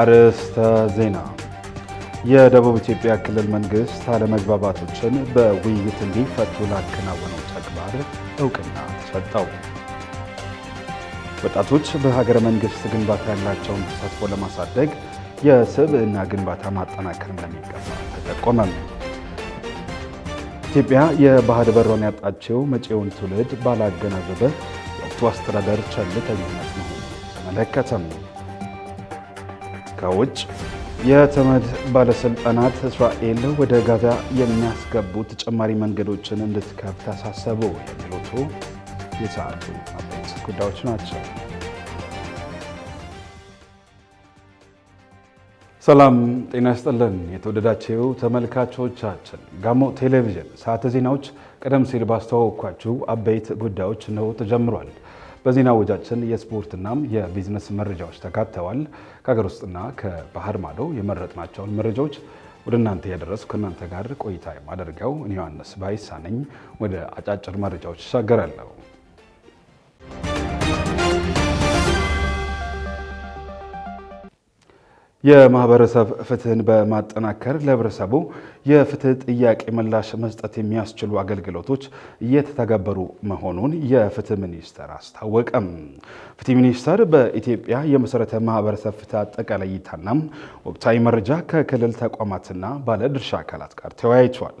አርዕስተ ዜና። የደቡብ ኢትዮጵያ ክልል መንግስት አለመግባባቶችን በውይይት እንዲፈቱ ላከናወነው ተግባር እውቅና ተሰጠው ወጣቶች በሀገረ መንግስት ግንባታ ያላቸውን ተሳትፎ ለማሳደግ የስብዕና ግንባታ ማጠናከር እንደሚገባ ተጠቆመ። ኢትዮጵያ የባህር በሯን ያጣችው መጪውን ትውልድ ባላገናዘበ የወቅቱ አስተዳደር ቸልተኝነት መሆኑ ተመለከተም። ውጭ የተመድ ባለስልጣናት እስራኤል ወደ ጋዛ የሚያስገቡ ተጨማሪ መንገዶችን እንድትከፍት አሳሰቡ። የሚሉቱ የሰዓቱ አበይት ጉዳዮች ናቸው። ሰላም ጤና ይስጥልን። የተወደዳችሁ ተመልካቾቻችን ጋሞ ቴሌቪዥን ሰዓተ ዜናዎች ቀደም ሲል ባስተዋወቅኳችሁ አበይት ጉዳዮች ነው ተጀምሯል። በዜና ወጃችን የስፖርትና የቢዝነስ መረጃዎች ተካተዋል። ከሀገር ውስጥና ከባህር ማዶ የመረጥናቸውን መረጃዎች ወደ እናንተ ያደረስኩ ከእናንተ ጋር ቆይታ የማደርገው እኔ ዮሐንስ ባይሳ ነኝ። ወደ አጫጭር መረጃዎች ይሻገራለሁ። የማህበረሰብ ፍትህን በማጠናከር ለህብረተሰቡ የፍትህ ጥያቄ ምላሽ መስጠት የሚያስችሉ አገልግሎቶች እየተተገበሩ መሆኑን የፍትህ ሚኒስቴር አስታወቀም። ፍትህ ሚኒስቴር በኢትዮጵያ የመሰረተ ማህበረሰብ ፍትህ አጠቃላይ እይታና ወቅታዊ መረጃ ከክልል ተቋማትና ባለ ድርሻ አካላት ጋር ተወያይቷል።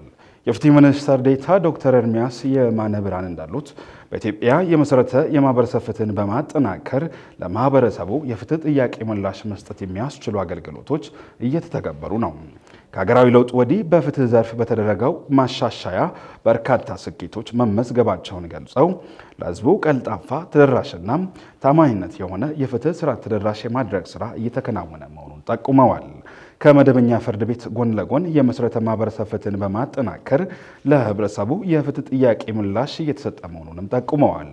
የፍትህ ሚኒስቴር ዴኤታ ዶክተር ኤርሚያስ የማነ ብርሃን እንዳሉት በኢትዮጵያ የመሰረተ የማህበረሰብ ፍትህን በማጠናከር ለማህበረሰቡ የፍትህ ጥያቄ ምላሽ መስጠት የሚያስችሉ አገልግሎቶች እየተተገበሩ ነው። ከሀገራዊ ለውጥ ወዲህ በፍትህ ዘርፍ በተደረገው ማሻሻያ በርካታ ስኬቶች መመዝገባቸውን ገልጸው ለህዝቡ ቀልጣፋ ተደራሽና ታማኝነት የሆነ የፍትህ ስርዓት ተደራሽ የማድረግ ስራ እየተከናወነ መሆኑን ጠቁመዋል። ከመደበኛ ፍርድ ቤት ጎን ለጎን የመሰረተ ማህበረሰብ ፍትህን በማጠናከር ለህብረተሰቡ የፍትህ ጥያቄ ምላሽ እየተሰጠ መሆኑንም ጠቁመዋል።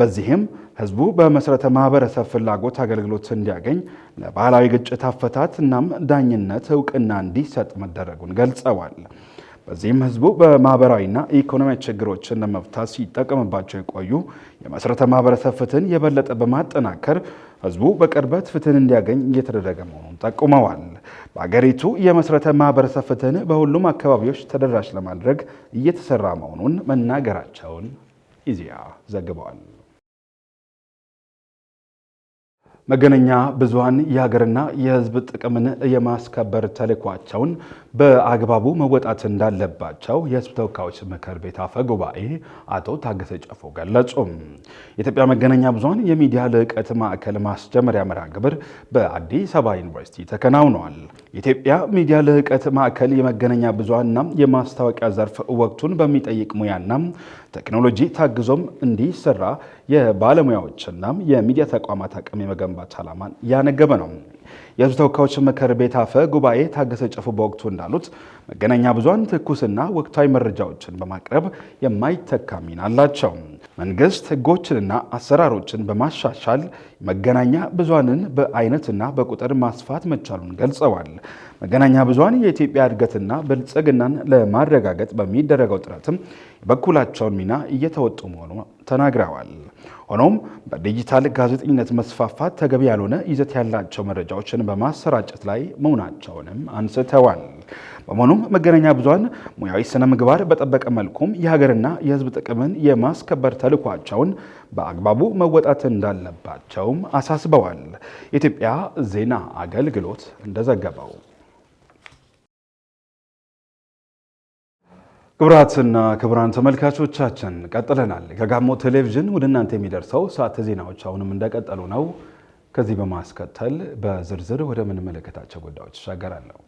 በዚህም ህዝቡ በመሰረተ ማህበረሰብ ፍላጎት አገልግሎት እንዲያገኝ ለባህላዊ ግጭት አፈታት እናም ዳኝነት እውቅና እንዲሰጥ መደረጉን ገልጸዋል። በዚህም ህዝቡ በማህበራዊና ኢኮኖሚያዊ ችግሮችን ለመፍታት ሲጠቀምባቸው የቆዩ የመሰረተ ማህበረሰብ ፍትህን የበለጠ በማጠናከር ህዝቡ በቅርበት ፍትህን እንዲያገኝ እየተደረገ መሆኑን ጠቁመዋል። በአገሪቱ የመሰረተ ማህበረሰብ ፍትህን በሁሉም አካባቢዎች ተደራሽ ለማድረግ እየተሰራ መሆኑን መናገራቸውን ኢዜአ ዘግበዋል። መገናኛ ብዙሃን የሀገርና የሕዝብ ጥቅምን የማስከበር ተልኳቸውን በአግባቡ መወጣት እንዳለባቸው የሕዝብ ተወካዮች ምክር ቤት አፈ ጉባኤ አቶ ታገሰ ጫፎ ገለጹ። የኢትዮጵያ መገናኛ ብዙሃን የሚዲያ ልዕቀት ማዕከል ማስጀመሪያ መርሃ ግብር በአዲስ አበባ ዩኒቨርሲቲ ተከናውኗል። የኢትዮጵያ ሚዲያ ልዕቀት ማዕከል የመገናኛ ብዙሃንና የማስታወቂያ ዘርፍ ወቅቱን በሚጠይቅ ሙያና ቴክኖሎጂ ታግዞም እንዲሰራ የባለሙያዎችናም የሚዲያ ተቋማት አቅም የመገንባት ዓላማን ያነገበ ነው። የህዝብ ተወካዮች ምክር ቤት አፈ ጉባኤ ታገሰ ጫፎ በወቅቱ እንዳሉት መገናኛ ብዙሃን ትኩስና ወቅታዊ መረጃዎችን በማቅረብ የማይተካ ሚና አላቸው። መንግስት ህጎችንና አሰራሮችን በማሻሻል መገናኛ ብዙሃንን በአይነትና በቁጥር ማስፋት መቻሉን ገልጸዋል። መገናኛ ብዙሃን የኢትዮጵያ እድገትና ብልጽግናን ለማረጋገጥ በሚደረገው ጥረትም የበኩላቸውን ሚና እየተወጡ መሆኑ ተናግረዋል። ሆኖም በዲጂታል ጋዜጠኝነት መስፋፋት ተገቢ ያልሆነ ይዘት ያላቸው መረጃዎችን በማሰራጨት ላይ መሆናቸውንም አንስተዋል። በመሆኑም መገናኛ ብዙን ሙያዊ ስነ ምግባር በጠበቀ መልኩም የሀገርና የሕዝብ ጥቅምን የማስከበር ተልኳቸውን በአግባቡ መወጣት እንዳለባቸውም አሳስበዋል። የኢትዮጵያ ዜና አገልግሎት እንደዘገበው ክቡራትና ክቡራን ተመልካቾቻችን ቀጥለናል። ከጋሞ ቴሌቪዥን ወደ እናንተ የሚደርሰው ሰዓተ ዜናዎች አሁንም እንደቀጠሉ ነው። ከዚህ በማስከተል በዝርዝር ወደ ምንመለከታቸው ጉዳዮች ይሻገራለሁ።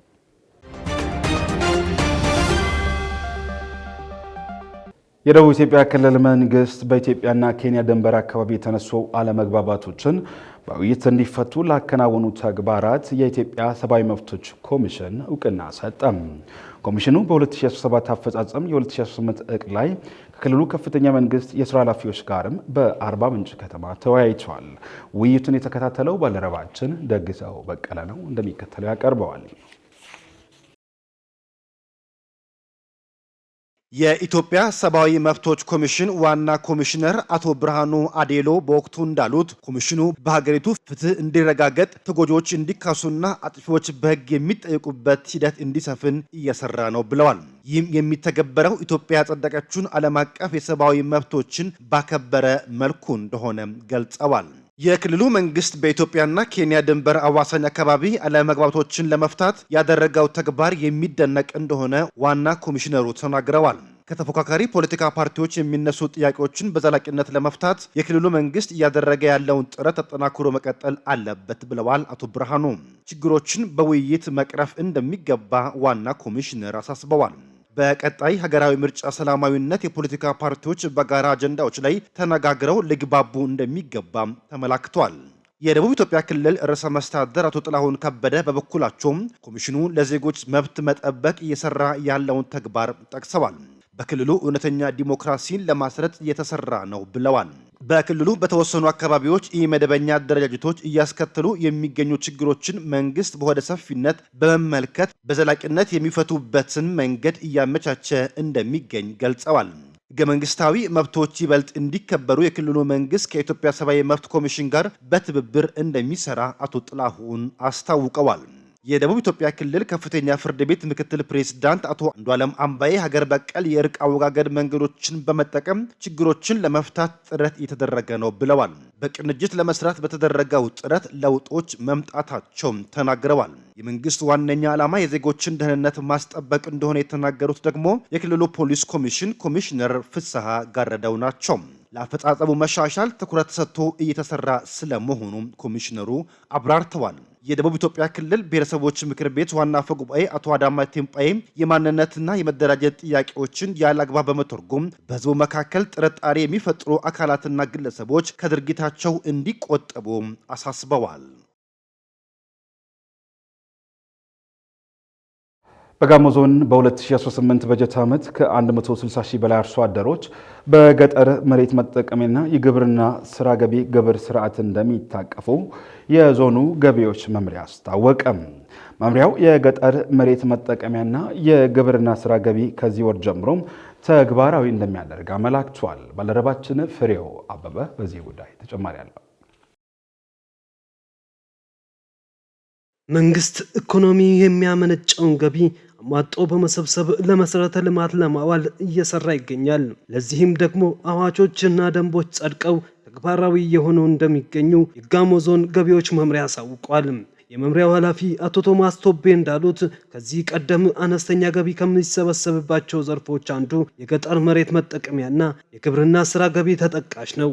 የደቡብ ኢትዮጵያ ክልል መንግስት በኢትዮጵያና ኬንያ ድንበር አካባቢ የተነሱ አለመግባባቶችን በውይይት እንዲፈቱ ላከናወኑ ተግባራት የኢትዮጵያ ሰብአዊ መብቶች ኮሚሽን እውቅና ሰጠም። ኮሚሽኑ በ2017 አፈጻጸም የ2018 እቅድ ላይ ከክልሉ ከፍተኛ መንግስት የስራ ኃላፊዎች ጋርም በአርባ ምንጭ ከተማ ተወያይቷል ውይይቱን የተከታተለው ባልደረባችን ደግሰው በቀለ ነው፣ እንደሚከተለው ያቀርበዋል። የኢትዮጵያ ሰብአዊ መብቶች ኮሚሽን ዋና ኮሚሽነር አቶ ብርሃኑ አዴሎ በወቅቱ እንዳሉት ኮሚሽኑ በሀገሪቱ ፍትህ እንዲረጋገጥ ተጎጂዎች እንዲካሱና አጥፊዎች በሕግ የሚጠይቁበት ሂደት እንዲሰፍን እየሰራ ነው ብለዋል። ይህም የሚተገበረው ኢትዮጵያ ያጸደቀችውን ዓለም አቀፍ የሰብአዊ መብቶችን ባከበረ መልኩ እንደሆነ ገልጸዋል። የክልሉ መንግስት በኢትዮጵያና ኬንያ ድንበር አዋሳኝ አካባቢ አለመግባባቶችን ለመፍታት ያደረገው ተግባር የሚደነቅ እንደሆነ ዋና ኮሚሽነሩ ተናግረዋል። ከተፎካካሪ ፖለቲካ ፓርቲዎች የሚነሱ ጥያቄዎችን በዘላቂነት ለመፍታት የክልሉ መንግስት እያደረገ ያለውን ጥረት ተጠናክሮ መቀጠል አለበት ብለዋል አቶ ብርሃኑ። ችግሮችን በውይይት መቅረፍ እንደሚገባ ዋና ኮሚሽነር አሳስበዋል። በቀጣይ ሀገራዊ ምርጫ ሰላማዊነት የፖለቲካ ፓርቲዎች በጋራ አጀንዳዎች ላይ ተነጋግረው ሊግባቡ እንደሚገባ ተመላክቷል። የደቡብ ኢትዮጵያ ክልል ርዕሰ መስተዳደር አቶ ጥላሁን ከበደ በበኩላቸውም ኮሚሽኑ ለዜጎች መብት መጠበቅ እየሰራ ያለውን ተግባር ጠቅሰዋል። በክልሉ እውነተኛ ዲሞክራሲን ለማስረጥ እየተሰራ ነው ብለዋል። በክልሉ በተወሰኑ አካባቢዎች የመደበኛ አደረጃጀቶች እያስከተሉ የሚገኙ ችግሮችን መንግስት በሆደ ሰፊነት በመመልከት በዘላቂነት የሚፈቱበትን መንገድ እያመቻቸ እንደሚገኝ ገልጸዋል። ሕገ መንግስታዊ መብቶች ይበልጥ እንዲከበሩ የክልሉ መንግስት ከኢትዮጵያ ሰብአዊ መብት ኮሚሽን ጋር በትብብር እንደሚሰራ አቶ ጥላሁን አስታውቀዋል። የደቡብ ኢትዮጵያ ክልል ከፍተኛ ፍርድ ቤት ምክትል ፕሬዝዳንት አቶ አንዷለም አምባዬ ሀገር በቀል የእርቅ አወጋገድ መንገዶችን በመጠቀም ችግሮችን ለመፍታት ጥረት እየተደረገ ነው ብለዋል። በቅንጅት ለመስራት በተደረገው ጥረት ለውጦች መምጣታቸውም ተናግረዋል። የመንግስት ዋነኛ ዓላማ የዜጎችን ደህንነት ማስጠበቅ እንደሆነ የተናገሩት ደግሞ የክልሉ ፖሊስ ኮሚሽን ኮሚሽነር ፍስሐ ጋረደው ናቸው። ለአፈጻጸሙ መሻሻል ትኩረት ተሰጥቶ እየተሰራ ስለመሆኑ ኮሚሽነሩ አብራርተዋል። የደቡብ ኢትዮጵያ ክልል ብሔረሰቦች ምክር ቤት ዋና አፈ ጉባኤ አቶ አዳማ ቴምጳዬ የማንነትና የመደራጀት ጥያቄዎችን ያለ አግባብ በመተርጎም በሕዝቡ መካከል ጥርጣሬ የሚፈጥሩ አካላትና ግለሰቦች ከድርጊታቸው እንዲቆጠቡ አሳስበዋል። በጋሞ ዞን በ2018 በጀት ዓመት ከ160 ሺህ በላይ አርሶ አደሮች በገጠር መሬት መጠቀሚያና የግብርና ስራ ገቢ ግብር ስርዓት እንደሚታቀፉ የዞኑ ገቢዎች መምሪያ አስታወቀም። መምሪያው የገጠር መሬት መጠቀሚያና የግብርና ስራ ገቢ ከዚህ ወር ጀምሮም ተግባራዊ እንደሚያደርግ አመላክቷል። ባልደረባችን ፍሬው አበበ በዚህ ጉዳይ ተጨማሪ አለው። መንግስት ኢኮኖሚ የሚያመነጨውን ገቢ ማጦ በመሰብሰብ ለመሰረተ ልማት ለማዋል እየሰራ ይገኛል። ለዚህም ደግሞ እና ደንቦች ጸድቀው ተግባራዊ የሆኑ እንደሚገኙ የጋሞ ዞን ገቢዎች መምሪያ አሳውቋል። የመምሪያው ኃላፊ አቶ ቶማስ ቶቤ እንዳሉት ከዚህ ቀደም አነስተኛ ገቢ ከሚሰበሰብባቸው ዘርፎች አንዱ የገጠር መሬት መጠቀሚያና የግብርና ስራ ገቢ ተጠቃሽ ነው።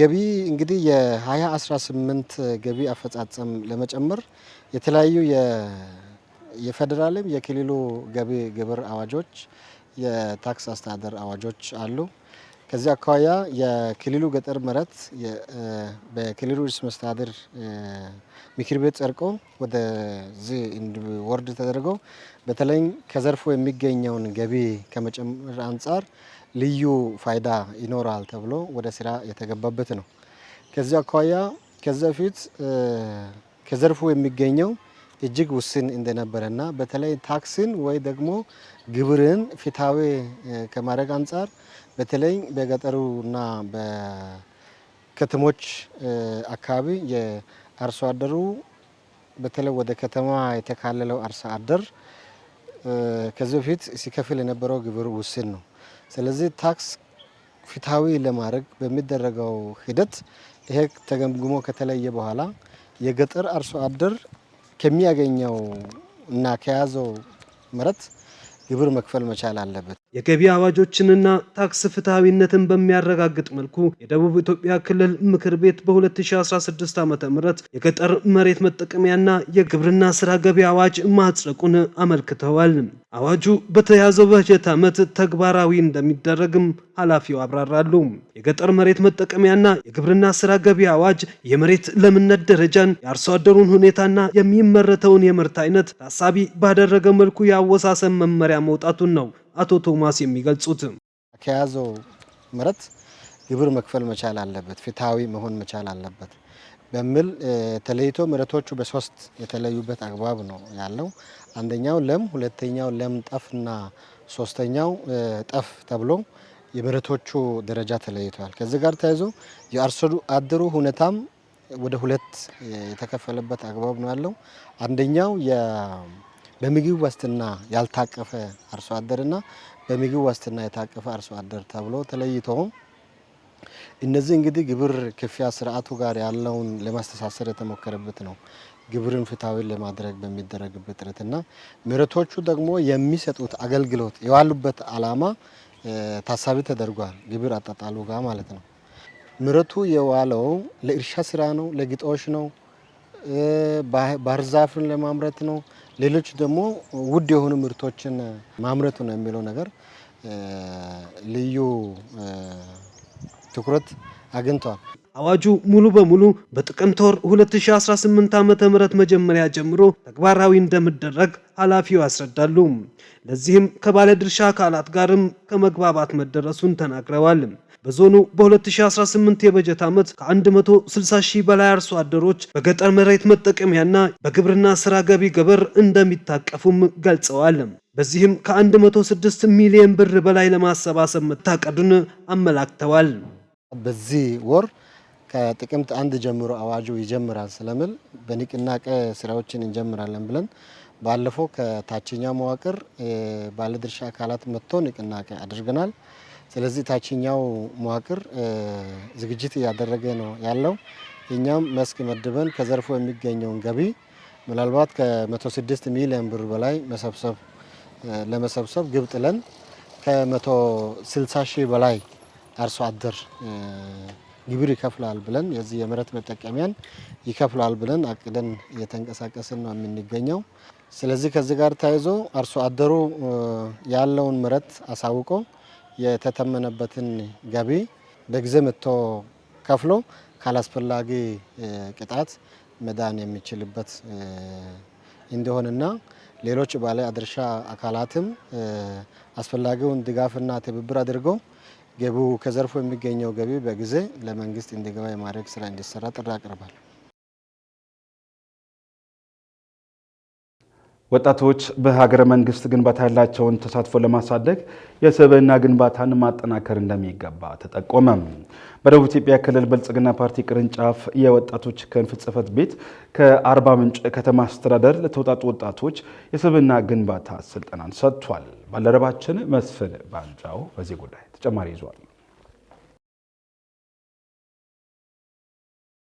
ገቢ እንግዲህ የ2018 ገቢ አፈጻጸም ለመጨመር የተለያዩ የፌዴራልም የክልሉ ገቢ ግብር አዋጆች፣ የታክስ አስተዳደር አዋጆች አሉ። ከዚህ አኳያ የክልሉ ገጠር መሬት በክልሉ ርዕሰ መስተዳድር ምክር ቤት ጸድቆ ወደዚህ እንዲወርድ ተደርጎ በተለይም ከዘርፎ የሚገኘውን ገቢ ከመጨመር አንጻር ልዩ ፋይዳ ይኖራል ተብሎ ወደ ስራ የተገባበት ነው። ከዚህ አኳያ ከዚህ በፊት ከዘርፉ የሚገኘው እጅግ ውስን እንደነበረና በተለይ ታክስን ወይ ደግሞ ግብርን ፊታዊ ከማድረግ አንጻር በተለይ በገጠሩና በከተሞች አካባቢ የአርሶ አደሩ በተለይ ወደ ከተማ የተካለለው አርሶ አደር ከዚህ በፊት ሲከፍል የነበረው ግብር ውስን ነው። ስለዚህ ታክስ ፊታዊ ለማድረግ በሚደረገው ሂደት ይሄ ተገምግሞ ከተለየ በኋላ የገጠር አርሶ አደር ከሚያገኘው እና ከያዘው ምርት ግብር መክፈል መቻል አለበት። የገቢ አዋጆችንና ታክስ ፍትሐዊነትን በሚያረጋግጥ መልኩ የደቡብ ኢትዮጵያ ክልል ምክር ቤት በ2016 ዓ ም የገጠር መሬት መጠቀሚያና የግብርና ስራ ገቢ አዋጅ ማጽደቁን አመልክተዋል። አዋጁ በተያዘው በጀት ዓመት ተግባራዊ እንደሚደረግም ኃላፊው አብራራሉ። የገጠር መሬት መጠቀሚያና የግብርና ስራ ገቢ አዋጅ የመሬት ለምነት ደረጃን፣ የአርሶ አደሩን ሁኔታና የሚመረተውን የምርት አይነት ታሳቢ ባደረገ መልኩ የአወሳሰን መመሪያ መውጣቱን ነው አቶ ቶማስ የሚገልጹት ከያዘው ምርት ግብር መክፈል መቻል አለበት፣ ፍትሐዊ መሆን መቻል አለበት በሚል ተለይቶ ምርቶቹ በሶስት የተለዩበት አግባብ ነው ያለው። አንደኛው ለም፣ ሁለተኛው ለም ጠፍና ሶስተኛው ጠፍ ተብሎ የምርቶቹ ደረጃ ተለይተዋል። ከዚህ ጋር ተያይዞ የአርሶ አደሩ ሁኔታም ወደ ሁለት የተከፈለበት አግባብ ነው ያለው። አንደኛው በምግብ ዋስትና ያልታቀፈ አርሶ አደርና በምግብ ዋስትና የታቀፈ አርሶ አደር ተብሎ ተለይቶ እነዚህ እንግዲህ ግብር ክፍያ ስርዓቱ ጋር ያለውን ለማስተሳሰር የተሞከረበት ነው። ግብርን ፍትሐዊ ለማድረግ በሚደረግበት ጥረትና ምርቶቹ ደግሞ የሚሰጡት አገልግሎት የዋሉበት አላማ ታሳቢ ተደርጓል። ግብር አጣጣሉ ጋር ማለት ነው። ምርቱ የዋለው ለእርሻ ስራ ነው፣ ለግጦሽ ነው፣ ባህር ዛፍን ለማምረት ነው፣ ሌሎች ደግሞ ውድ የሆኑ ምርቶችን ማምረቱ ነው የሚለው ነገር ልዩ ትኩረት አግኝተዋል። አዋጁ ሙሉ በሙሉ በጥቅምት ወር 2018 ዓ ም መጀመሪያ ጀምሮ ተግባራዊ እንደሚደረግ ኃላፊው ያስረዳሉ። ለዚህም ከባለድርሻ አካላት ጋርም ከመግባባት መደረሱን ተናግረዋል። በዞኑ በ2018 የበጀት ዓመት ከ160 ሺህ በላይ አርሶ አደሮች በገጠር መሬት መጠቀሚያና በግብርና ስራ ገቢ ግብር እንደሚታቀፉም ገልጸዋል። በዚህም ከ106 ሚሊዮን ብር በላይ ለማሰባሰብ መታቀዱን አመላክተዋል። በዚህ ወር ከጥቅምት አንድ ጀምሮ አዋጁ ይጀምራል ስለምል በንቅናቄ ስራዎችን እንጀምራለን ብለን ባለፈው ከታችኛው መዋቅር ባለድርሻ አካላት መጥቶ ንቅናቄ አድርገናል። ስለዚህ ታችኛው መዋቅር ዝግጅት እያደረገ ነው ያለው። እኛም መስክ መድበን ከዘርፎ የሚገኘውን ገቢ ምናልባት ከ106 ሚሊዮን ብር በላይ መሰብሰብ ለመሰብሰብ ግብ ጥለን ከ160 ሺህ በላይ አርሶ አደር ግብር ይከፍላል ብለን የዚህ የመሬት መጠቀሚያን ይከፍላል ብለን አቅደን እየተንቀሳቀስን ነው የምንገኘው። ስለዚህ ከዚህ ጋር ተያይዞ አርሶ አደሩ ያለውን መሬት አሳውቆ የተተመነበትን ገቢ በጊዜ መጥቶ ከፍሎ ካላስፈላጊ ቅጣት መዳን የሚችልበት እንደሆንና ሌሎች ባለ አድርሻ አካላትም አስፈላጊውን ድጋፍና ትብብር አድርገው ገቢው ከዘርፉ የሚገኘው ገቢ በጊዜ ለመንግስት እንዲገባ የማድረግ ስራ እንዲሰራ ጥሪ አቅርባል። ወጣቶች በሀገረ መንግስት ግንባታ ያላቸውን ተሳትፎ ለማሳደግ የሰብዕና ግንባታን ማጠናከር እንደሚገባ ተጠቆመ። በደቡብ ኢትዮጵያ ክልል ብልጽግና ፓርቲ ቅርንጫፍ የወጣቶች ክንፍ ጽሕፈት ቤት ከአርባ ምንጭ ከተማ አስተዳደር ለተውጣጡ ወጣቶች የሰብዕና ግንባታ ስልጠናን ሰጥቷል። ባልደረባችን መስፍን ባንጃው በዚህ ጉዳይ ተጨማሪ ይዟል።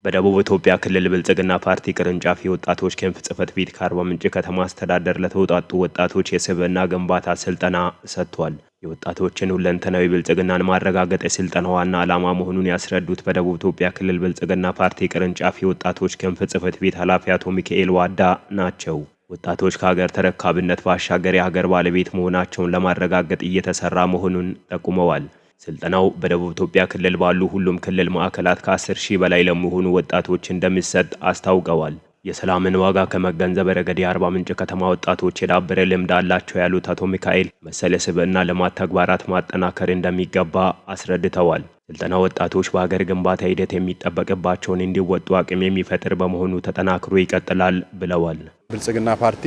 በደቡብ ኢትዮጵያ ክልል ብልጽግና ፓርቲ ቅርንጫፍ የወጣቶች ክንፍ ጽህፈት ቤት ከአርባ ምንጭ ከተማ አስተዳደር ለተውጣጡ ወጣቶች የስብዕና ግንባታ ስልጠና ሰጥቷል። የወጣቶችን ሁለንተናዊ ብልጽግናን ማረጋገጥ የስልጠና ዋና ዓላማ መሆኑን ያስረዱት በደቡብ ኢትዮጵያ ክልል ብልጽግና ፓርቲ ቅርንጫፍ የወጣቶች ክንፍ ጽህፈት ቤት ኃላፊ አቶ ሚካኤል ዋዳ ናቸው። ወጣቶች ከሀገር ተረካቢነት ባሻገር የሀገር ባለቤት መሆናቸውን ለማረጋገጥ እየተሰራ መሆኑን ጠቁመዋል። ስልጠናው በደቡብ ኢትዮጵያ ክልል ባሉ ሁሉም ክልል ማዕከላት ከ10 ሺህ በላይ ለሚሆኑ ወጣቶች እንደሚሰጥ አስታውቀዋል። የሰላምን ዋጋ ከመገንዘብ ረገድ የአርባ ምንጭ ከተማ ወጣቶች የዳበረ ልምድ አላቸው ያሉት አቶ ሚካኤል መሰለ ስብዕና ልማት ተግባራት ማጠናከር እንደሚገባ አስረድተዋል። ስልጠና ወጣቶች በሀገር ግንባታ ሂደት የሚጠበቅባቸውን እንዲወጡ አቅም የሚፈጥር በመሆኑ ተጠናክሮ ይቀጥላል ብለዋል። ብልጽግና ፓርቲ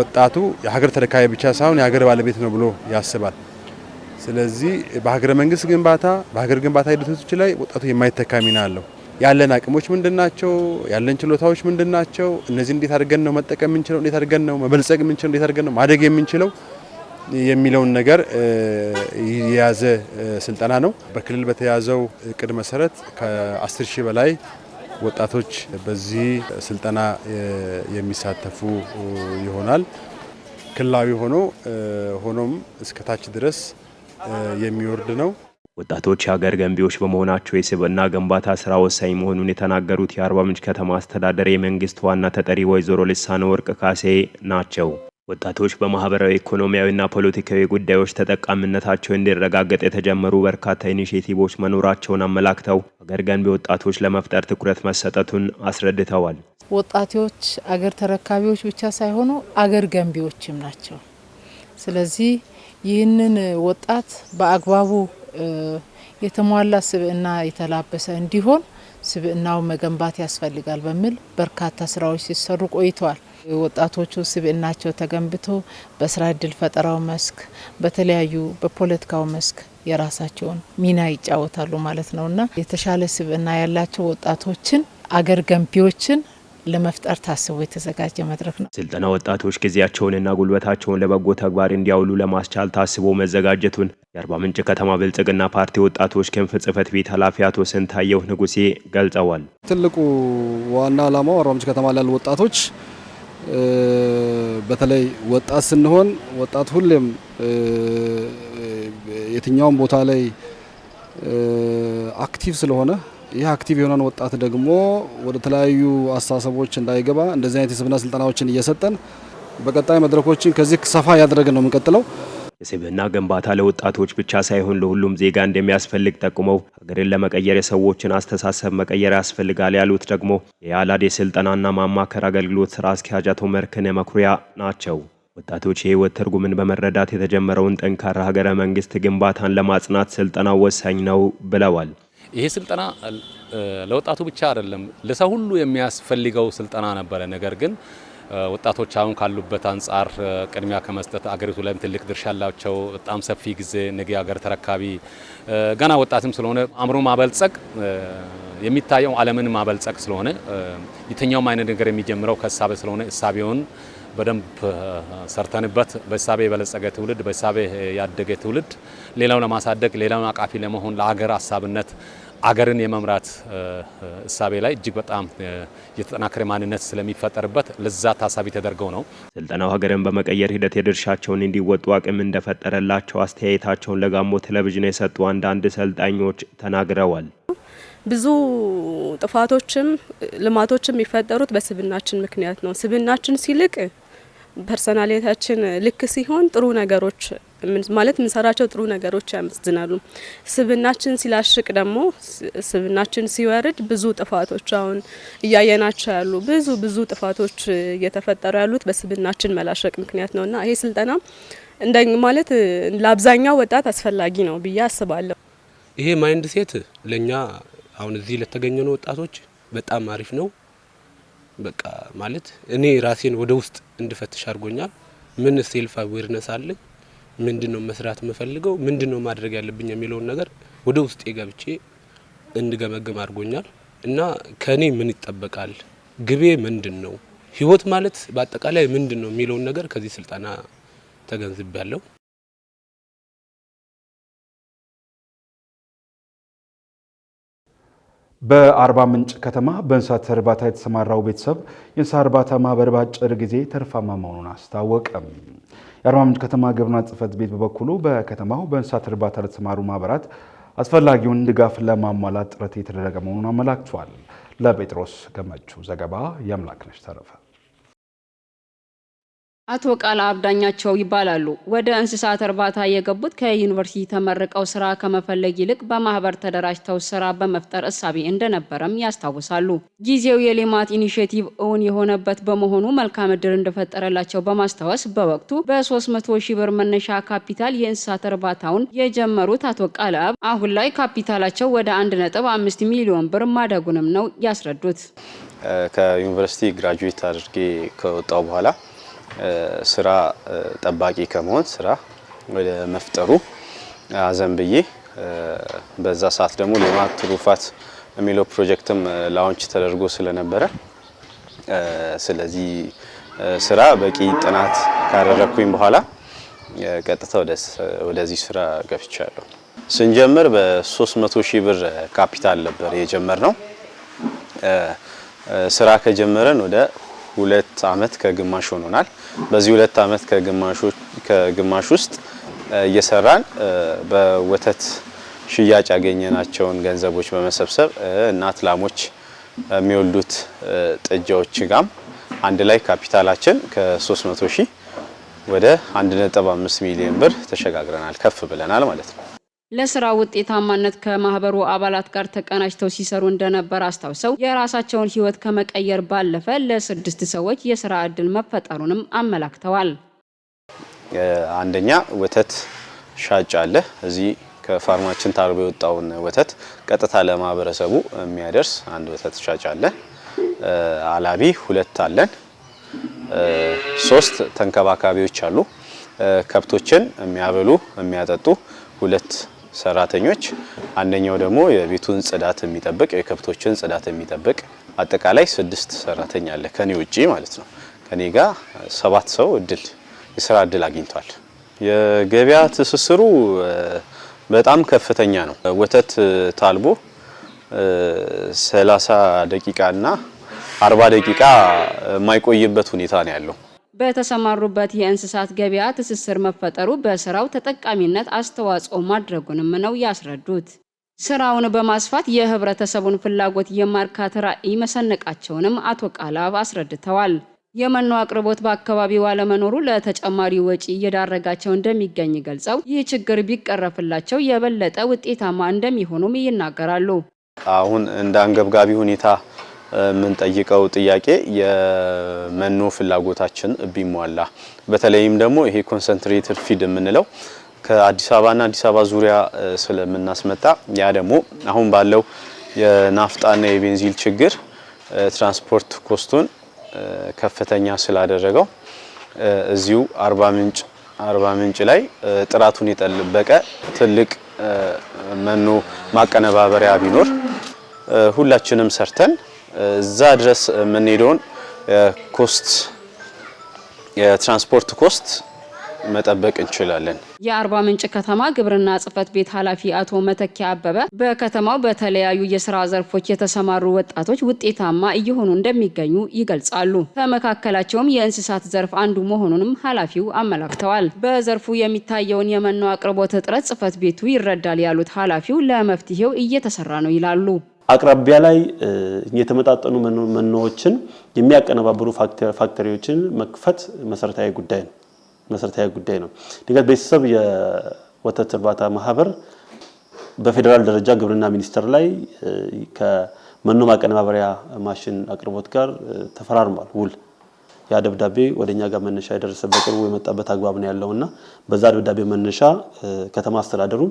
ወጣቱ የሀገር ተረካቢ ብቻ ሳይሆን የሀገር ባለቤት ነው ብሎ ያስባል። ስለዚህ በሀገረ መንግስት ግንባታ በሀገር ግንባታ ሂደቶች ላይ ወጣቱ የማይተካ ሚና አለው። ያለን አቅሞች ምንድን ናቸው? ያለን ችሎታዎች ምንድን ናቸው? እነዚህ እንዴት አድርገን ነው መጠቀም የምንችለው? እንዴት አድርገን ነው መበልጸግ የምንችለው? እንዴት አድርገን ነው ማደግ የምንችለው የሚለውን ነገር የያዘ ስልጠና ነው። በክልል በተያዘው እቅድ መሰረት ከ10 ሺህ በላይ ወጣቶች በዚህ ስልጠና የሚሳተፉ ይሆናል። ክልላዊ ሆኖ ሆኖም እስከታች ድረስ የሚወርድ ነው። ወጣቶች የሀገር ገንቢዎች በመሆናቸው የስብዕና ግንባታ ስራ ወሳኝ መሆኑን የተናገሩት የአርባ ምንጭ ከተማ አስተዳደር የመንግስት ዋና ተጠሪ ወይዘሮ ልሳነ ወርቅ ካሴ ናቸው። ወጣቶች በማህበራዊ ኢኮኖሚያዊና ፖለቲካዊ ጉዳዮች ተጠቃሚነታቸው እንዲረጋገጥ የተጀመሩ በርካታ ኢኒሽቲቮች መኖራቸውን አመላክተው አገር ገንቢ ወጣቶች ለመፍጠር ትኩረት መሰጠቱን አስረድተዋል። ወጣቶች አገር ተረካቢዎች ብቻ ሳይሆኑ አገር ገንቢዎችም ናቸው። ስለዚህ ይህንን ወጣት በአግባቡ የተሟላ ስብዕና የተላበሰ እንዲሆን ስብዕናው መገንባት ያስፈልጋል በሚል በርካታ ስራዎች ሲሰሩ ቆይተዋል። ወጣቶቹ ስብዕናቸው ተገንብቶ በስራ እድል ፈጠራው መስክ፣ በተለያዩ በፖለቲካው መስክ የራሳቸውን ሚና ይጫወታሉ ማለት እና የተሻለ ስብዕና ያላቸው ወጣቶችን አገር ገንቢዎችን ለመፍጠር ታስቦ የተዘጋጀ መድረክ ነው። ስልጠና ወጣቶች ጊዜያቸውንና ጉልበታቸውን ለበጎ ተግባር እንዲያውሉ ለማስቻል ታስቦ መዘጋጀቱን የአርባ ምንጭ ከተማ ብልጽግና ፓርቲ ወጣቶች ክንፍ ጽህፈት ቤት ኃላፊ አቶ ስንታየው ንጉሴ ገልጸዋል። ትልቁ ዋና ዓላማው አርባ ምንጭ ከተማ ላሉ ወጣቶች በተለይ ወጣት ስንሆን ወጣት ሁሌም የትኛውም ቦታ ላይ አክቲቭ ስለሆነ ይህ አክቲቭ የሆነን ወጣት ደግሞ ወደ ተለያዩ አስተሳሰቦች እንዳይገባ እንደዚህ አይነት የስብና ስልጠናዎችን እየሰጠን በቀጣይ መድረኮችን ከዚህ ሰፋ እያደረግን ነው የምንቀጥለው። የስብዕና ግንባታ ለወጣቶች ብቻ ሳይሆን ለሁሉም ዜጋ እንደሚያስፈልግ ጠቁመው ሀገርን ለመቀየር የሰዎችን አስተሳሰብ መቀየር ያስፈልጋል ያሉት ደግሞ የአላድ የስልጠናና ማማከር አገልግሎት ስራ አስኪያጅ አቶ መርክነ መኩሪያ ናቸው። ወጣቶች የህይወት ትርጉምን በመረዳት የተጀመረውን ጠንካራ ሀገረ መንግስት ግንባታን ለማጽናት ስልጠናው ወሳኝ ነው ብለዋል። ይሄ ስልጠና ለወጣቱ ብቻ አይደለም፣ ለሰው ሁሉ የሚያስፈልገው ስልጠና ነበረ። ነገር ግን ወጣቶች አሁን ካሉበት አንጻር ቅድሚያ ከመስጠት አገሪቱ ላይም ትልቅ ድርሻ አላቸው። በጣም ሰፊ ጊዜ ነገ ሀገር ተረካቢ ገና ወጣትም ስለሆነ አእምሮ ማበልጸቅ የሚታየው ዓለምን ማበልጸቅ ስለሆነ የትኛውም አይነት ነገር የሚጀምረው ከእሳቤ ስለሆነ እሳቤውን በደንብ ሰርተንበት በእሳቤ የበለጸገ ትውልድ፣ በእሳቤ ያደገ ትውልድ ሌላውን ለማሳደግ ሌላውን አቃፊ ለመሆን ለሀገር ሀሳብነት አገርን የመምራት እሳቤ ላይ እጅግ በጣም የተጠናከረ ማንነት ስለሚፈጠርበት ለዛ ታሳቢ ተደርገው ነው ስልጠናው ሀገርን በመቀየር ሂደት የድርሻቸውን እንዲወጡ አቅም እንደፈጠረላቸው አስተያየታቸውን ለጋሞ ቴሌቪዥን የሰጡ አንዳንድ ሰልጣኞች ተናግረዋል። ብዙ ጥፋቶችም ልማቶችም የሚፈጠሩት በስብናችን ምክንያት ነው። ስብናችን ሲልቅ ፐርሰናሊታችን ልክ ሲሆን ጥሩ ነገሮች ማለት የምንሰራቸው ጥሩ ነገሮች ያመዝናሉ። ስብናችን ሲላሽቅ ደግሞ ስብናችን ሲወርድ ብዙ ጥፋቶች አሁን እያየናቸው ያሉ ብዙ ብዙ ጥፋቶች እየተፈጠሩ ያሉት በስብናችን መላሸቅ ምክንያት እና ይሄ ስልጠና እንደ ማለት ለአብዛኛው ወጣት አስፈላጊ ነው ብዬ አስባለሁ። ይሄ ማይንድ ሴት ለእኛ አሁን እዚህ ለተገኘኑ ወጣቶች በጣም አሪፍ ነው። በቃ ማለት እኔ ራሴን ወደ ውስጥ እንድፈትሽ አድርጎኛል። ምን ሴልፍ አዌርነስ አለኝ ምንድን ነው መስራት የምፈልገው፣ ምንድን ነው ማድረግ ያለብኝ የሚለውን ነገር ወደ ውስጤ ገብቼ እንድገመግም አድርጎኛል እና ከእኔ ምን ይጠበቃል፣ ግቤ ምንድን ነው፣ ህይወት ማለት በአጠቃላይ ምንድን ነው የሚለውን ነገር ከዚህ ስልጠና ተገንዝቤያለሁ። በአርባ ምንጭ ከተማ በእንስሳት እርባታ የተሰማራው ቤተሰብ የእንስሳት እርባታ ማህበር በአጭር ጊዜ ተርፋማ መሆኑን አስታወቀም። የአርባ ምንጭ ከተማ ግብርና ጽሕፈት ቤት በበኩሉ በከተማው በእንስሳት እርባታ ለተሰማሩ ማህበራት አስፈላጊውን ድጋፍ ለማሟላት ጥረት የተደረገ መሆኑን አመላክቷል። ለጴጥሮስ ገመቹ ዘገባ የአምላክነሽ ተረፈ አቶ ቃል አብዳኛቸው ይባላሉ። ወደ እንስሳት እርባታ የገቡት ከዩኒቨርሲቲ ተመርቀው ስራ ከመፈለግ ይልቅ በማህበር ተደራጅተው ስራ በመፍጠር እሳቤ እንደነበረም ያስታውሳሉ። ጊዜው የሌማት ኢኒሽቲቭ እውን የሆነበት በመሆኑ መልካም እድል እንደፈጠረላቸው በማስታወስ በወቅቱ በ300 ሺህ ብር መነሻ ካፒታል የእንስሳት እርባታውን የጀመሩት አቶ ቃል አብ አሁን ላይ ካፒታላቸው ወደ 1.5 ሚሊዮን ብር ማደጉንም ነው ያስረዱት። ከዩኒቨርሲቲ ግራጁዌት አድርጌ ከወጣው በኋላ ስራ ጠባቂ ከመሆን ስራ ወደ መፍጠሩ አዘንብዬ በዛ ሰዓት ደግሞ ሌማት ትሩፋት የሚለው ፕሮጀክትም ላውንች ተደርጎ ስለነበረ ስለዚህ ስራ በቂ ጥናት ካደረኩኝ በኋላ ቀጥታ ወደዚህ ስራ ገብቻለሁ። ስንጀምር በ300 ሺህ ብር ካፒታል ነበር የጀመር ነው። ስራ ከጀመረን ወደ ሁለት አመት ከግማሽ ሆኖናል። በዚህ ሁለት አመት ከግማሽ ውስጥ እየሰራን በወተት ሽያጭ ያገኘናቸውን ገንዘቦች በመሰብሰብ እናት ላሞች የሚወልዱት ጥጃዎች ጋም አንድ ላይ ካፒታላችን ከ300 ሺህ ወደ 1.5 ሚሊዮን ብር ተሸጋግረናል። ከፍ ብለናል ማለት ነው። ለስራ ውጤታማነት ከማህበሩ አባላት ጋር ተቀናጅተው ሲሰሩ እንደነበር አስታውሰው የራሳቸውን ህይወት ከመቀየር ባለፈ ለስድስት ሰዎች የስራ እድል መፈጠሩንም አመላክተዋል። አንደኛ ወተት ሻጭ አለ። እዚህ ከፋርማችን ታርቦ የወጣውን ወተት ቀጥታ ለማህበረሰቡ የሚያደርስ አንድ ወተት ሻጭ አለ። አላቢ ሁለት አለን። ሶስት ተንከባካቢዎች አሉ። ከብቶችን የሚያበሉ የሚያጠጡ ሁለት ሰራተኞች፣ አንደኛው ደግሞ የቤቱን ጽዳት የሚጠብቅ የከብቶችን ጽዳት የሚጠብቅ አጠቃላይ ስድስት ሰራተኛ አለ ከኔ ውጪ ማለት ነው። ከኔ ጋር ሰባት ሰው እድል የስራ እድል አግኝቷል። የገበያ ትስስሩ በጣም ከፍተኛ ነው። ወተት ታልቦ 30 ደቂቃና 40 ደቂቃ የማይቆይበት ሁኔታ ነው ያለው። በተሰማሩበት የእንስሳት ገበያ ትስስር መፈጠሩ በስራው ተጠቃሚነት አስተዋጽኦ ማድረጉንም ነው ያስረዱት። ስራውን በማስፋት የህብረተሰቡን ፍላጎት የማርካት ራዕይ መሰነቃቸውንም አቶ ቃላብ አስረድተዋል። የመኖ አቅርቦት በአካባቢው አለመኖሩ ለተጨማሪ ወጪ እየዳረጋቸው እንደሚገኝ ገልጸው ይህ ችግር ቢቀረፍላቸው የበለጠ ውጤታማ እንደሚሆኑም ይናገራሉ። አሁን እንደ አንገብጋቢ ሁኔታ የምንጠይቀው ጥያቄ የመኖ ፍላጎታችን ቢሟላ፣ በተለይም ደግሞ ይሄ ኮንሰንትሬትድ ፊድ የምንለው ከአዲስ አበባና አዲስ አበባ ዙሪያ ስለምናስመጣ ያ ደግሞ አሁን ባለው የናፍጣና የቤንዚል ችግር ትራንስፖርት ኮስቱን ከፍተኛ ስላደረገው እዚሁ አርባ ምንጭ አርባ ምንጭ ላይ ጥራቱን የጠበቀ ትልቅ መኖ ማቀነባበሪያ ቢኖር ሁላችንም ሰርተን እዛ ድረስ የምንሄደውን ኮስት የትራንስፖርት ኮስት መጠበቅ እንችላለን። የአርባ ምንጭ ከተማ ግብርና ጽህፈት ቤት ኃላፊ አቶ መተኪያ አበበ በከተማው በተለያዩ የስራ ዘርፎች የተሰማሩ ወጣቶች ውጤታማ እየሆኑ እንደሚገኙ ይገልጻሉ። ከመካከላቸውም የእንስሳት ዘርፍ አንዱ መሆኑንም ኃላፊው አመላክተዋል። በዘርፉ የሚታየውን የመኖ አቅርቦት እጥረት ጽፈት ቤቱ ይረዳል ያሉት ኃላፊው ለመፍትሄው እየተሰራ ነው ይላሉ። አቅራቢያ ላይ የተመጣጠኑ መኖዎችን የሚያቀነባብሩ ፋክተሪዎችን መክፈት መሰረታዊ ጉዳይ ነው መሰረታዊ ጉዳይ ነው። ድንገት ቤተሰብ የወተት እርባታ ማህበር በፌዴራል ደረጃ ግብርና ሚኒስቴር ላይ ከመኖ ማቀነባበሪያ ማሽን አቅርቦት ጋር ተፈራርሟል ውል ያ ደብዳቤ ወደ እኛ ጋር መነሻ የደረሰ በቅርቡ የመጣበት አግባብ ነው ያለው እና በዛ ደብዳቤ መነሻ ከተማ አስተዳደሩ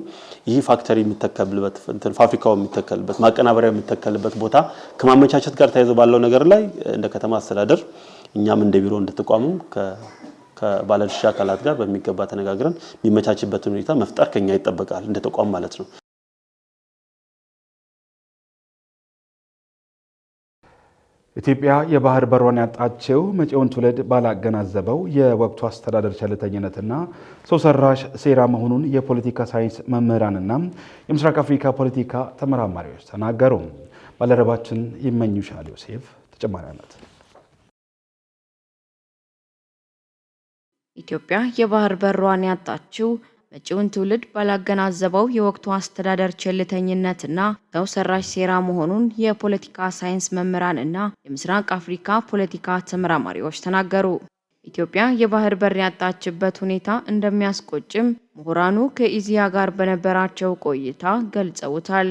ይህ ፋክተሪ የሚተከልበት ፋብሪካው የሚተከልበት ማቀናበሪያው የሚተከልበት ቦታ ከማመቻቸት ጋር ተያይዞ ባለው ነገር ላይ እንደ ከተማ አስተዳደር እኛም እንደ ቢሮ እንደተቋምም ከባለድርሻ አካላት ጋር በሚገባ ተነጋግረን የሚመቻችበትን ሁኔታ መፍጠር ከኛ ይጠበቃል እንደ ተቋም ማለት ነው። ኢትዮጵያ የባህር በሯን ያጣችው መጪውን ትውልድ ባላገናዘበው የወቅቱ አስተዳደር ቸልተኝነትና ሰው ሰራሽ ሴራ መሆኑን የፖለቲካ ሳይንስ መምህራንና የምስራቅ አፍሪካ ፖለቲካ ተመራማሪዎች ተናገሩ። ባልደረባችን ይመኙሻል ዮሴፍ ተጨማሪ አመት ኢትዮጵያ የባህር በሯን ያጣችው መጪውን ትውልድ ባላገናዘበው የወቅቱ አስተዳደር ቸልተኝነትና ሰው ሰራሽ ሴራ መሆኑን የፖለቲካ ሳይንስ መምህራን እና የምስራቅ አፍሪካ ፖለቲካ ተመራማሪዎች ተናገሩ። ኢትዮጵያ የባህር በር ያጣችበት ሁኔታ እንደሚያስቆጭም ምሁራኑ ከኢዚያ ጋር በነበራቸው ቆይታ ገልጸውታል።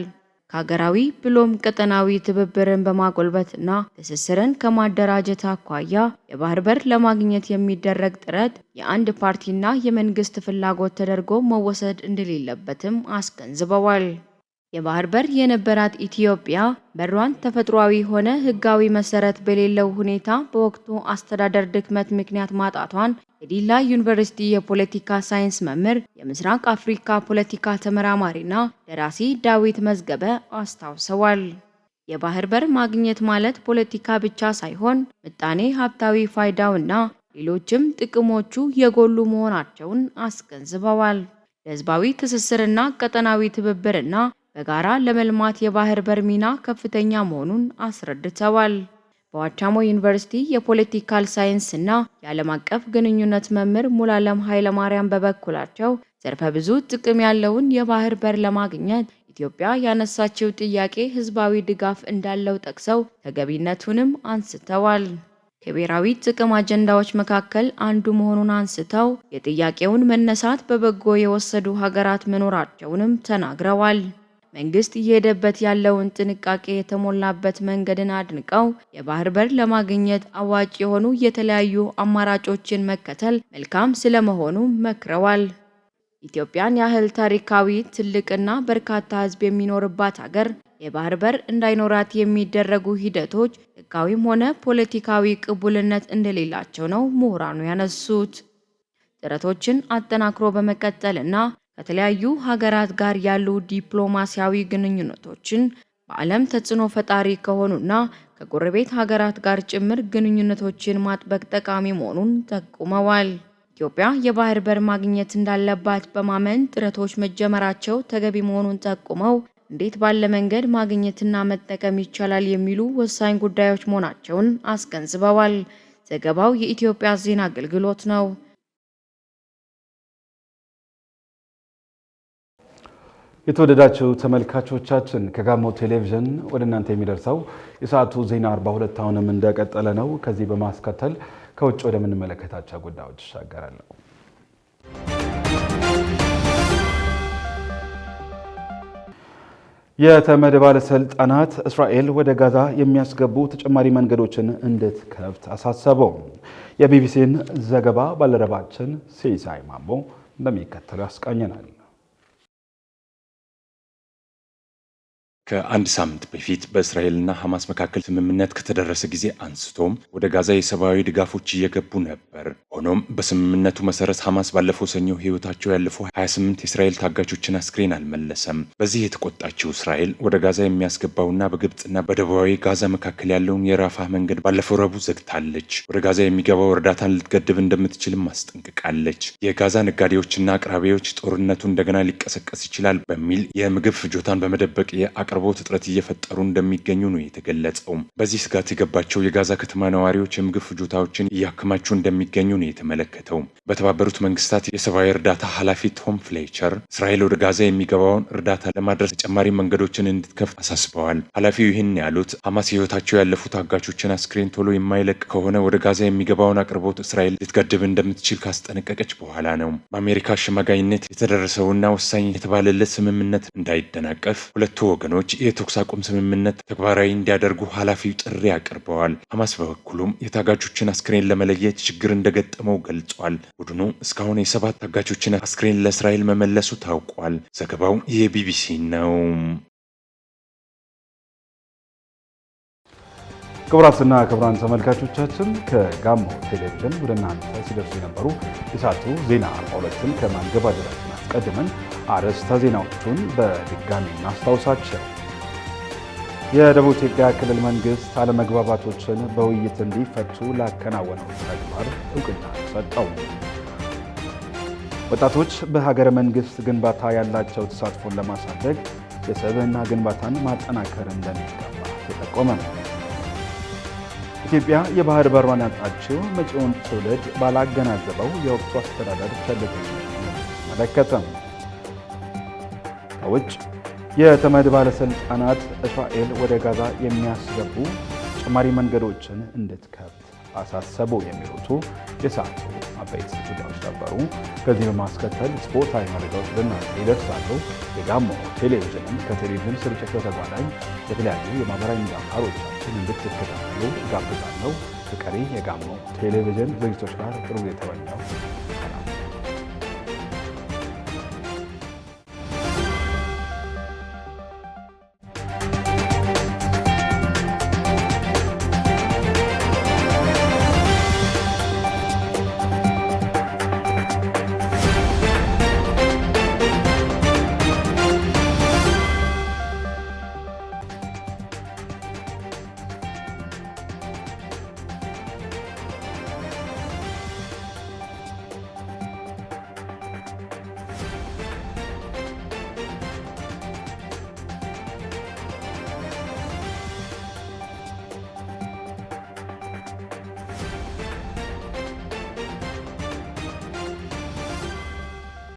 ከሀገራዊ ብሎም ቀጠናዊ ትብብርን በማጎልበትና ትስስርን ከማደራጀት አኳያ የባህር በር ለማግኘት የሚደረግ ጥረት የአንድ ፓርቲና የመንግስት ፍላጎት ተደርጎ መወሰድ እንደሌለበትም አስገንዝበዋል። የባህር በር የነበራት ኢትዮጵያ በሯን ተፈጥሯዊ ሆነ ሕጋዊ መሰረት በሌለው ሁኔታ በወቅቱ አስተዳደር ድክመት ምክንያት ማጣቷን የዲላ ዩኒቨርሲቲ የፖለቲካ ሳይንስ መምህር የምስራቅ አፍሪካ ፖለቲካ ተመራማሪና ደራሲ ዳዊት መዝገበ አስታውሰዋል። የባህር በር ማግኘት ማለት ፖለቲካ ብቻ ሳይሆን ምጣኔ ሀብታዊ ፋይዳውና ሌሎችም ጥቅሞቹ የጎሉ መሆናቸውን አስገንዝበዋል። ለህዝባዊ ትስስርና ቀጠናዊ ትብብርና በጋራ ለመልማት የባህር በር ሚና ከፍተኛ መሆኑን አስረድተዋል። በዋቻሞ ዩኒቨርሲቲ የፖለቲካል ሳይንስ እና የዓለም አቀፍ ግንኙነት መምህር ሙላለም ኃይለማርያም በበኩላቸው ዘርፈ ብዙ ጥቅም ያለውን የባህር በር ለማግኘት ኢትዮጵያ ያነሳችው ጥያቄ ህዝባዊ ድጋፍ እንዳለው ጠቅሰው ተገቢነቱንም አንስተዋል። ከብሔራዊ ጥቅም አጀንዳዎች መካከል አንዱ መሆኑን አንስተው የጥያቄውን መነሳት በበጎ የወሰዱ ሀገራት መኖራቸውንም ተናግረዋል። መንግስት እየሄደበት ያለውን ጥንቃቄ የተሞላበት መንገድን አድንቀው የባህር በር ለማግኘት አዋጭ የሆኑ የተለያዩ አማራጮችን መከተል መልካም ስለመሆኑ መክረዋል። ኢትዮጵያን ያህል ታሪካዊ ትልቅና በርካታ ሕዝብ የሚኖርባት ሀገር የባህር በር እንዳይኖራት የሚደረጉ ሂደቶች ሕጋዊም ሆነ ፖለቲካዊ ቅቡልነት እንደሌላቸው ነው ምሁራኑ ያነሱት። ጥረቶችን አጠናክሮ በመቀጠልና ከተለያዩ ሀገራት ጋር ያሉ ዲፕሎማሲያዊ ግንኙነቶችን በዓለም ተጽዕኖ ፈጣሪ ከሆኑና ከጎረቤት ሀገራት ጋር ጭምር ግንኙነቶችን ማጥበቅ ጠቃሚ መሆኑን ጠቁመዋል። ኢትዮጵያ የባህር በር ማግኘት እንዳለባት በማመን ጥረቶች መጀመራቸው ተገቢ መሆኑን ጠቁመው እንዴት ባለ መንገድ ማግኘትና መጠቀም ይቻላል የሚሉ ወሳኝ ጉዳዮች መሆናቸውን አስገንዝበዋል። ዘገባው የኢትዮጵያ ዜና አገልግሎት ነው። የተወደዳችሁ ተመልካቾቻችን ከጋሞ ቴሌቪዥን ወደ እናንተ የሚደርሰው የሰዓቱ ዜና 42 አሁንም እንደቀጠለ ነው። ከዚህ በማስከተል ከውጭ ወደምንመለከታቸው ጉዳዮች ይሻገራለሁ። የተመድ ባለስልጣናት እስራኤል ወደ ጋዛ የሚያስገቡ ተጨማሪ መንገዶችን እንድትከፍት አሳሰበው። የቢቢሲን ዘገባ ባልደረባችን ሲሳይ ማሞ እንደሚከተለው ያስቃኘናል። ከአንድ ሳምንት በፊት በእስራኤልና ሐማስ መካከል ስምምነት ከተደረሰ ጊዜ አንስቶም ወደ ጋዛ የሰብአዊ ድጋፎች እየገቡ ነበር። ሆኖም በስምምነቱ መሰረት ሐማስ ባለፈው ሰኞ ሕይወታቸው ያለፉ 28 የእስራኤል ታጋቾችን አስክሬን አልመለሰም። በዚህ የተቆጣችው እስራኤል ወደ ጋዛ የሚያስገባውና በግብፅና በደቡባዊ ጋዛ መካከል ያለውን የራፋ መንገድ ባለፈው ረቡዕ ዘግታለች። ወደ ጋዛ የሚገባው እርዳታን ልትገድብ እንደምትችልም አስጠንቅቃለች። የጋዛ ነጋዴዎችና አቅራቢዎች ጦርነቱ እንደገና ሊቀሰቀስ ይችላል በሚል የምግብ ፍጆታን በመደበቅ የአቅር አቅርቦት እጥረት እየፈጠሩ እንደሚገኙ ነው የተገለጸው። በዚህ ስጋት የገባቸው የጋዛ ከተማ ነዋሪዎች የምግብ ፍጆታዎችን እያከማቹ እንደሚገኙ ነው የተመለከተው። በተባበሩት መንግስታት የሰብአዊ እርዳታ ኃላፊ ቶም ፍሌቸር እስራኤል ወደ ጋዛ የሚገባውን እርዳታ ለማድረስ ተጨማሪ መንገዶችን እንድትከፍት አሳስበዋል። ኃላፊው ይህን ያሉት ሐማስ ህይወታቸው ያለፉት አጋቾችን አስክሬን ቶሎ የማይለቅ ከሆነ ወደ ጋዛ የሚገባውን አቅርቦት እስራኤል ልትገድብ እንደምትችል ካስጠነቀቀች በኋላ ነው። በአሜሪካ አሸማጋይነት የተደረሰውና ወሳኝ የተባለለት ስምምነት እንዳይደናቀፍ ሁለቱ ወገኖች ሀገሮች የተኩስ አቁም ስምምነት ተግባራዊ እንዲያደርጉ ኃላፊው ጥሪ አቅርበዋል። ሐማስ በበኩሉም የታጋቾችን አስክሬን ለመለየት ችግር እንደገጠመው ገልጿል። ቡድኑ እስካሁን የሰባት ታጋቾችን አስክሬን ለእስራኤል መመለሱ ታውቋል። ዘገባው የቢቢሲ ነው። ክቡራትና ክቡራን ተመልካቾቻችን ከጋሞ ቴሌቪዥን ወደ እናንተ ሲደርሱ የነበሩ የሰዓቱ ዜና አርባ ሁለትን ከማንገባደዳችን አስቀድመን አርዕስተ ዜናዎቹን በድጋሚ እናስታውሳቸው። የደቡብ ኢትዮጵያ ክልል መንግስት አለመግባባቶችን በውይይት እንዲፈቱ ላከናወነው ተግባር እውቅና ሰጠው። ወጣቶች በሀገረ መንግስት ግንባታ ያላቸው ተሳትፎን ለማሳደግ የሰብዕና ግንባታን ማጠናከር እንደሚገባ ተጠቆመ። ኢትዮጵያ የባህር በሯን ያጣችው መጪውን ትውልድ ባላገናዘበው የወቅቱ አስተዳደር ቸልተኝነት መለከተም መግለጫዎች የተመድ ባለሥልጣናት እስራኤል ወደ ጋዛ የሚያስገቡ ተጨማሪ መንገዶችን እንድትከፍት አሳሰቡ የሚሉቱ የሰዓቱ አበይት ጉዳዮች ነበሩ። ከዚህ በማስከተል ስፖርታዊ መረጃዎች ልናንተ ይደርሳሉ። የጋሞ ቴሌቪዥንን ከቴሌቪዥን ስርጭት በተጓዳኝ የተለያዩ የማህበራዊ ሚዲያ አውታሮቻችን እንድትከታተሉ ጋብዛለሁ። ከቀሪ የጋሞ ቴሌቪዥን ዝግጅቶች ጋር ጥሩ የተወኘው ሰላም